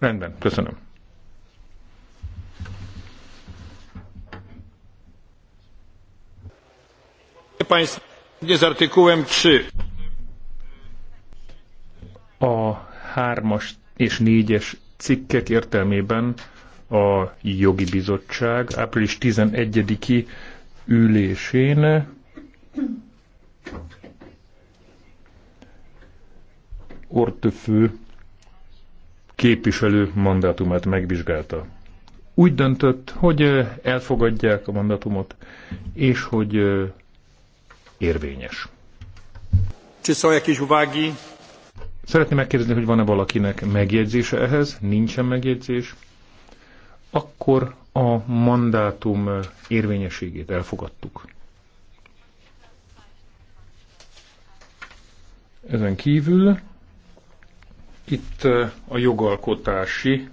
Rendben, köszönöm. z artykułem 3. A hármas és négyes cikkek értelmében a jogi bizottság április 11-i ülésén ortöfő képviselő mandátumát megvizsgálta. Úgy döntött, hogy elfogadják a mandátumot, és hogy érvényes. Szeretném megkérdezni, hogy van-e valakinek megjegyzése ehhez? Nincsen megjegyzés. Akkor a mandátum érvényességét elfogadtuk. Ezen kívül itt a jogalkotási